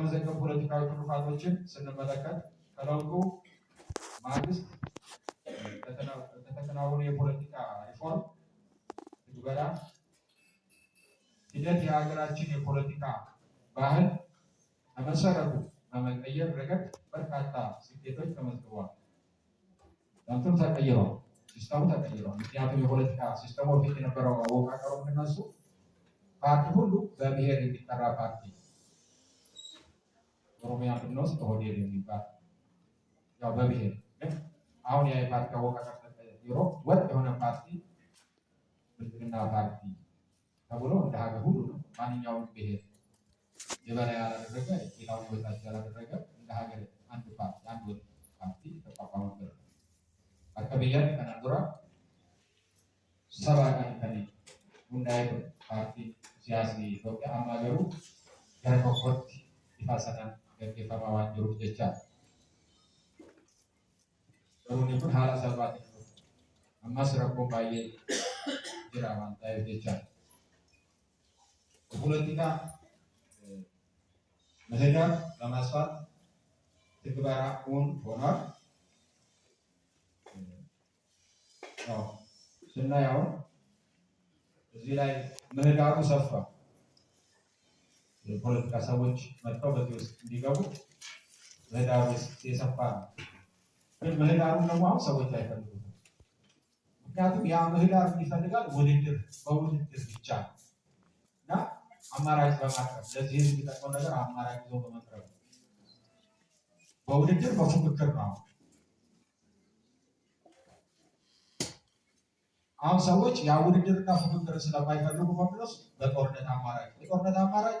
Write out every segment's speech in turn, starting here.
የሚዘገቡ ፖለቲካዊ ትሩፋቶችን ስንመለከት ከለውጡ ማግስት ለተከናወኑ የፖለቲካ ሪፎርም ትግበራ ሂደት የሀገራችን የፖለቲካ ባህል ከመሰረቱ በመቀየር ረገድ በርካታ ስኬቶች ተመዝግበዋል። ለምትም ተቀይረዋል፣ ሲስተሙ ተቀይረዋል። ምክንያቱም የፖለቲካ ሲስተሙ ፊት የነበረው አወቃቀሩ ምንነሱ ፓርቲ ሁሉ በብሔር የሚጠራ ፓርቲ ኦሮሚያ ብንወስድ በሆዴድ የሚባል ያው በብሄር ግን አሁን ያ የፓርቲ አወቃቀር ቢሮ ወጥ የሆነ ፓርቲ ብልጽግና ፓርቲ ተብሎ እንደ ሀገር ሁሉ ነው። ማንኛውም ብሄር የበላይ ያላደረገ ሌላውን የበታች ያላደረገ እንደ ሀገር አንድ ፓርቲ አንድ ወጥ ፓርቲ ተቋቋመበት። አከብያን ከናዱራ ሰባ ቀን ከኔ ሁንዳይ ፓርቲ ሲያሲ ኢትዮጵያ አማገሩ ገርመኮት ይፋሰናል गंगेचा रुपयेच्या तरुणी पुढाला सर्वात आम्हास रखो पाहिजे जिरावांता योजनेच्या ፖለቲካ መተዳር ለማስፋት ትግበራውን ሆኗል። ስናየው እዚህ ላይ ምህዳሩ ሰፋ የፖለቲካ ሰዎች መጥተው በዚህ ውስጥ እንዲገቡ ምህዳሩ የሰፋ ነው። ግን ምህዳሩን ደግሞ አሁን ሰዎች አይፈልጉም። ምክንያቱም ያ ምህዳሩ ይፈልጋል ውድድር፣ በውድድር ብቻ እና አማራጭ በማቅረብ ለዚህ ህዝብ የሚጠቅመው ነገር አማራጭ ይዞ በመቅረብ በውድድር በፉክክር ነው። አሁን ሰዎች ያ ውድድርና ፉክክር ስለማይፈልጉ በምለስ በጦርነት አማራጭ የጦርነት አማራጭ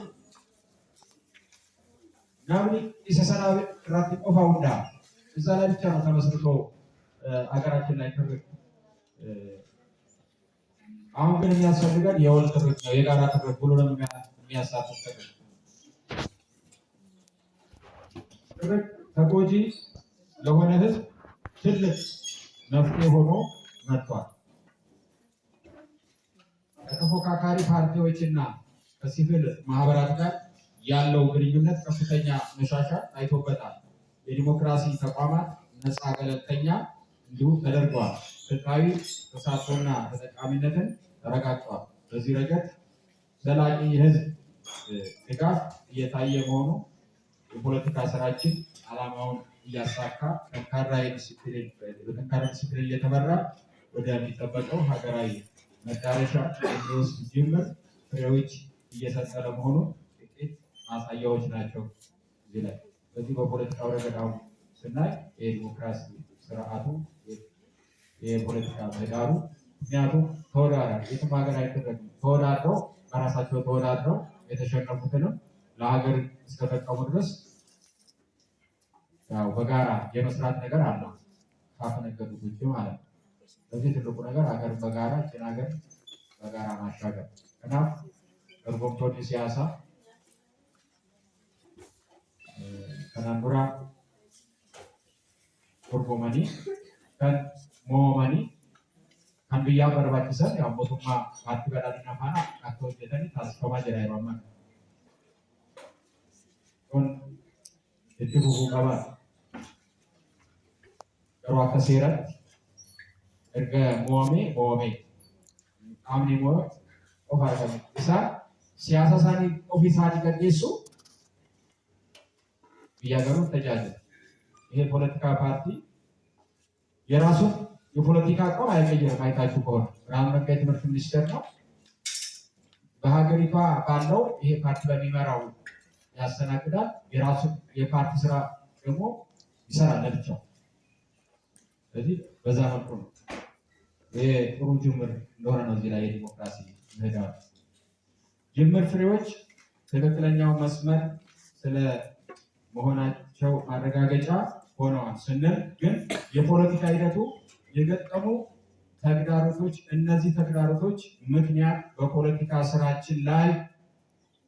ፋውንዳ እዛ ላይ ብቻ ነው ተመስርቶ አገራችን ላይ ትርክ አሁን ግን የሚያስፈልገን የወል ትርክ ነው፣ የጋራ ትርክ ሁሉንም የሚያሳትፍ ትርክ። ትርክ ተጎጂ ለሆነ ህዝብ ትልቅ መፍትሄ ሆኖ መጥቷል። ከተፎካካሪ ፓርቲዎችና ከሲቪል ማህበራት ጋር ያለው ግንኙነት ከፍተኛ መሻሻል አይቶበታል። የዲሞክራሲ ተቋማት ነፃ፣ ገለልተኛ እንዲሁም ተደርገዋል። ፍትሃዊ ተሳትፎና ተጠቃሚነትን ተረጋግጧል። በዚህ ረገድ ዘላቂ የህዝብ ድጋፍ እየታየ መሆኑ የፖለቲካ ስራችን ዓላማውን እያሳካ ጠንካራ በጠንካራ ዲስፕሊን እየተመራ ወደሚጠበቀው ሀገራዊ መዳረሻ የሚወስድ ጅምር ፍሬዎች እየሰጠ ለመሆኑ ጥቂት ማሳያዎች ናቸው። ይላል። በዚህ በፖለቲካው ረገዳው ስናይ የዲሞክራሲ ስርዓቱ የፖለቲካ ምህዳሩ ምክንያቱም ተወዳዳሪ የትም ሀገር አይደረግም። ተወዳድረው በራሳቸው ተወዳድረው የተሸነፉትንም ለሀገር እስከጠቀሙ ድረስ ያው በጋራ የመስራት ነገር አለው ካፈነገዱት ውጭ ማለት ነው። በዚህ ትልቁ ነገር ሀገር በጋራ ጭን ሀገር በጋራ ማሻገር እና እርጎምቶኒ ሲያሳ kanambura purpomani kan mani, kan biya yang ya botuma hatiga dalina mana atau kita ni tas koma jadi roma kon itu buku kaba roa kasira erga momi momi amni mo oh kan bisa. siasa sani ofisa oh, jika yesus እያገሩ ተጫለ ይሄ ፖለቲካ ፓርቲ የራሱን የፖለቲካ አቋም አይቀየርም። አይታችሁ ከሆነ ራመጋ የትምህርት ሚኒስቴር ነው። በሀገሪቷ ባለው ይሄ ፓርቲ በሚመራው ያስተናግዳል። የራሱን የፓርቲ ስራ ደግሞ ይሰራል ለብቻው። ስለዚህ በዛ መልኩ ነው ይሄ ጥሩ ጅምር እንደሆነ ነው እዚህ ላይ የዲሞክራሲ ምህዳር ጅምር ፍሬዎች ትክክለኛው መስመር ስለ መሆናቸው ማረጋገጫ ሆነዋል ስንል ግን የፖለቲካ ሂደቱ የገጠሙ ተግዳሮቶች እነዚህ ተግዳሮቶች ምክንያት በፖለቲካ ስራችን ላይ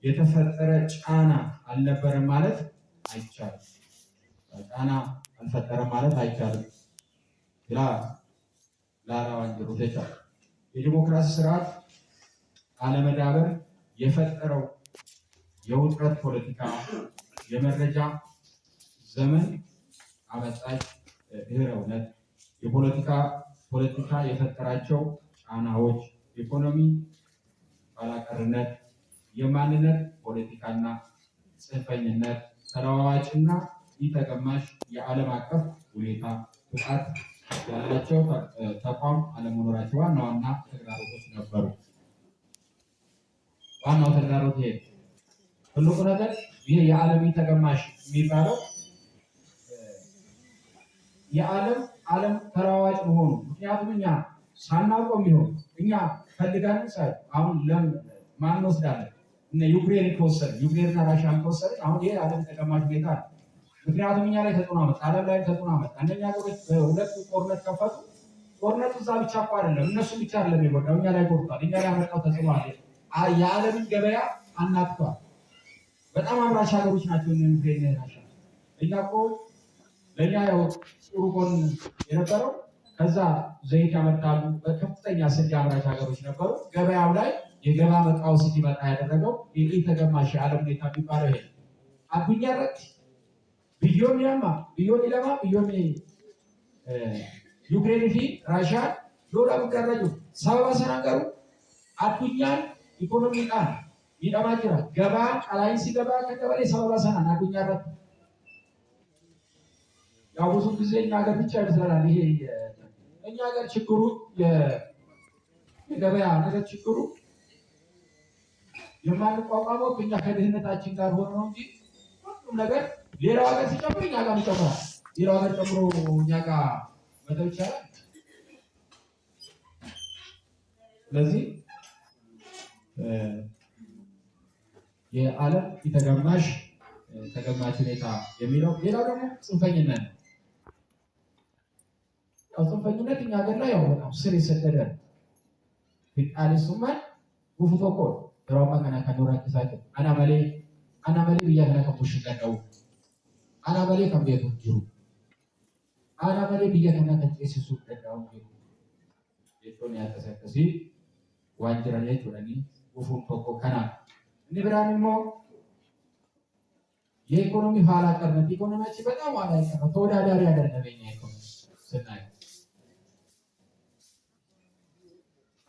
የተፈጠረ ጫና አልነበረም ማለት አይቻልም። ጫና አልፈጠረም ማለት አይቻልም። ላ ላላዋንጀሮ ተቻ የዲሞክራሲ ስርዓት አለመዳበር የፈጠረው የውጥረት ፖለቲካ የመረጃ ዘመን አመጣች ድህረ እውነት የፖለቲካ ፖለቲካ የፈጠራቸው ጫናዎች፣ ኢኮኖሚ ባላቀርነት፣ የማንነት ፖለቲካና ጽንፈኝነት፣ ተለዋዋጭና ተቀማሽ የዓለም አቀፍ ሁኔታ ብቃት ያላቸው ተቋም አለመኖራቸው ዋና ዋና ተግዳሮቶች ነበሩ። ዋናው ተግዳሮት ይሄ ትልቁ ነገር ይህ የዓለም ተገማሽ የሚባለው የዓለም ዓለም ተለዋዋጭ መሆኑ ምክንያቱም እኛ ሳናውቀው የሚሆን እኛ ፈልጋን ሳ አሁን ለማን እንወስዳለን? እነ ዩክሬን ከወሰደ ዩክሬንና ራሽያን ከወሰደ አሁን ይሄ ዓለም ተቀማሽ ሁኔታ ነው። ምክንያቱም እኛ ላይ ተጽዕኖ አመጣ፣ ዓለም ላይ ተጽዕኖ አመጣ። አንደኛ ሀገሮች በሁለቱ ጦርነት ከፈቱ። ጦርነቱ እዛ ብቻ እኮ አይደለም እነሱ ብቻ አይደለም የጎዳው እኛ ላይ ጎድቷል። እኛ ላይ ያመጣው ተጽዕኖ አለ። የዓለምን ገበያ አናጥቷል። በጣም አምራች ሀገሮች ናቸው የሚገኝ ናቸው። እኛ እኮ ለእኛ ያው ጥሩ ጎን የነበረው ከዛ ዘይት ያመርታሉ። በከፍተኛ ስንዴ አምራች ሀገሮች ነበሩ። ገበያው ላይ የገባ መቃወስ እንዲመጣ ያደረገው ይህ ተገማሽ የዓለም ሁኔታ የሚባለው ይሄ አብኛ ረት ብዮን ያማ ብዮን ለማ ብዮን ዩክሬን ፊ ራሻ ዶላ ብቀረጁ ሰበባ ሰናገሩ አዱኛን ኢኮኖሚ ቃል ይጠማጅራ ገባ ቃላይ ሲገባ ከቀበሌ ሰበባ ሰናን አገኛለን። ያው ብዙ ጊዜ እኛ ሀገር ብቻ ይመስላል ይሄ እኛ ሀገር ችግሩ የገበያ ነገር ችግሩ የማንቋቋመው እኛ ከድህነታችን ጋር ሆኖ ነው እንጂ ሁሉም ነገር ሌላው ሀገር ሲጨምር እኛ ጋር ይጨምራል። ሌላው ሀገር ጨምሮ እኛ ጋር መተው ይቻላል። ስለዚህ የዓለም የተገማሽ ተገማች ሁኔታ የሚለው ሌላ ደግሞ ጽንፈኝነት ነው። ጽንፈኝነት እኛ ሀገር ላይ ያው በጣም ስር የሰደደ ፊቃሊሱማን ጉፉቶኮ የራማ ከና ከኖራ ኪሳት አናመሌ አናመሌ ብያ ከና ከቦሽ ገደው አናመሌ ከቤቱ ጅሩ አናመሌ ብያ ከና ከጤሲሱ ገደው ጀቶን ያተሰከሲ ዋንጅራ ጀቶኒ ጉፉን ቶኮ ከና ንብራንሞ የኢኮኖሚ ኋላ ቀርነት ኢኮኖሚያችን በጣም ኋላ ቀረ፣ ተወዳዳሪ አይደለም የኛ ኢኮኖሚ ስናይ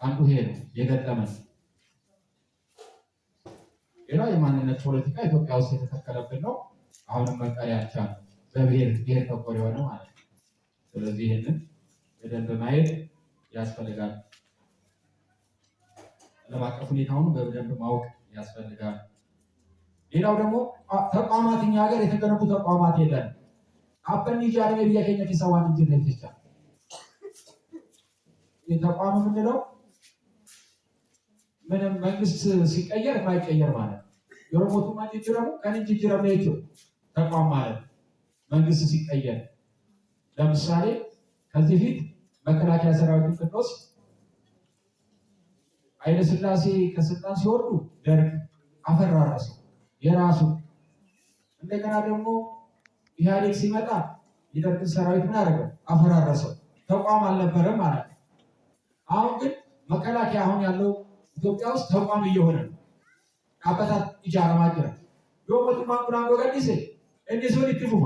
አንዱ ይሄ ነው የገጠመን። ሌላ የማንነት ፖለቲካ ኢትዮጵያ ውስጥ የተተከለብን ነው። አሁንም መቀሪ ያልቻል በብሔር ብሔር ተኮር የሆነ ማለት ነው። ስለዚህ ይህንን በደንብ ማየት ያስፈልጋል። ዓለም አቀፍ ሁኔታውን በደንብ ማወቅ ያስፈልጋል። ሌላው ደግሞ ተቋማት እኛ ሀገር የተገነቡ ተቋማት የለን። አበን ጃሪ ብያሸኛ ዲሰዋን ኢንተርኔት ብቻ የተቋም የምንለው ምንም መንግስት ሲቀየር የማይቀየር ማለት የሮቦቱ ማንጅ ደግሞ ከንጅ ጅረም ተቋም ማለት መንግስት ሲቀየር ለምሳሌ ከዚህ ፊት መከላከያ ሰራዊቱ ቅንወስድ ኃይለ ሥላሴ ከስልጣን ሲወርዱ ደርግ አፈራረሰ የራሱ እንደገና ደግሞ ኢህአዴግ ሲመጣ የደርግን ሰራዊት ምን አደረገው? አፈራረሰው። ተቋም አልነበረም ማለት ነው። አሁን ግን መከላከያ አሁን ያለው ኢትዮጵያ ውስጥ ተቋም እየሆነ ነው። አበታት ኢጃራ ማጅራ ዶመቱ ማንኩራን ጎገዲሴ ሰው ሊትፉማ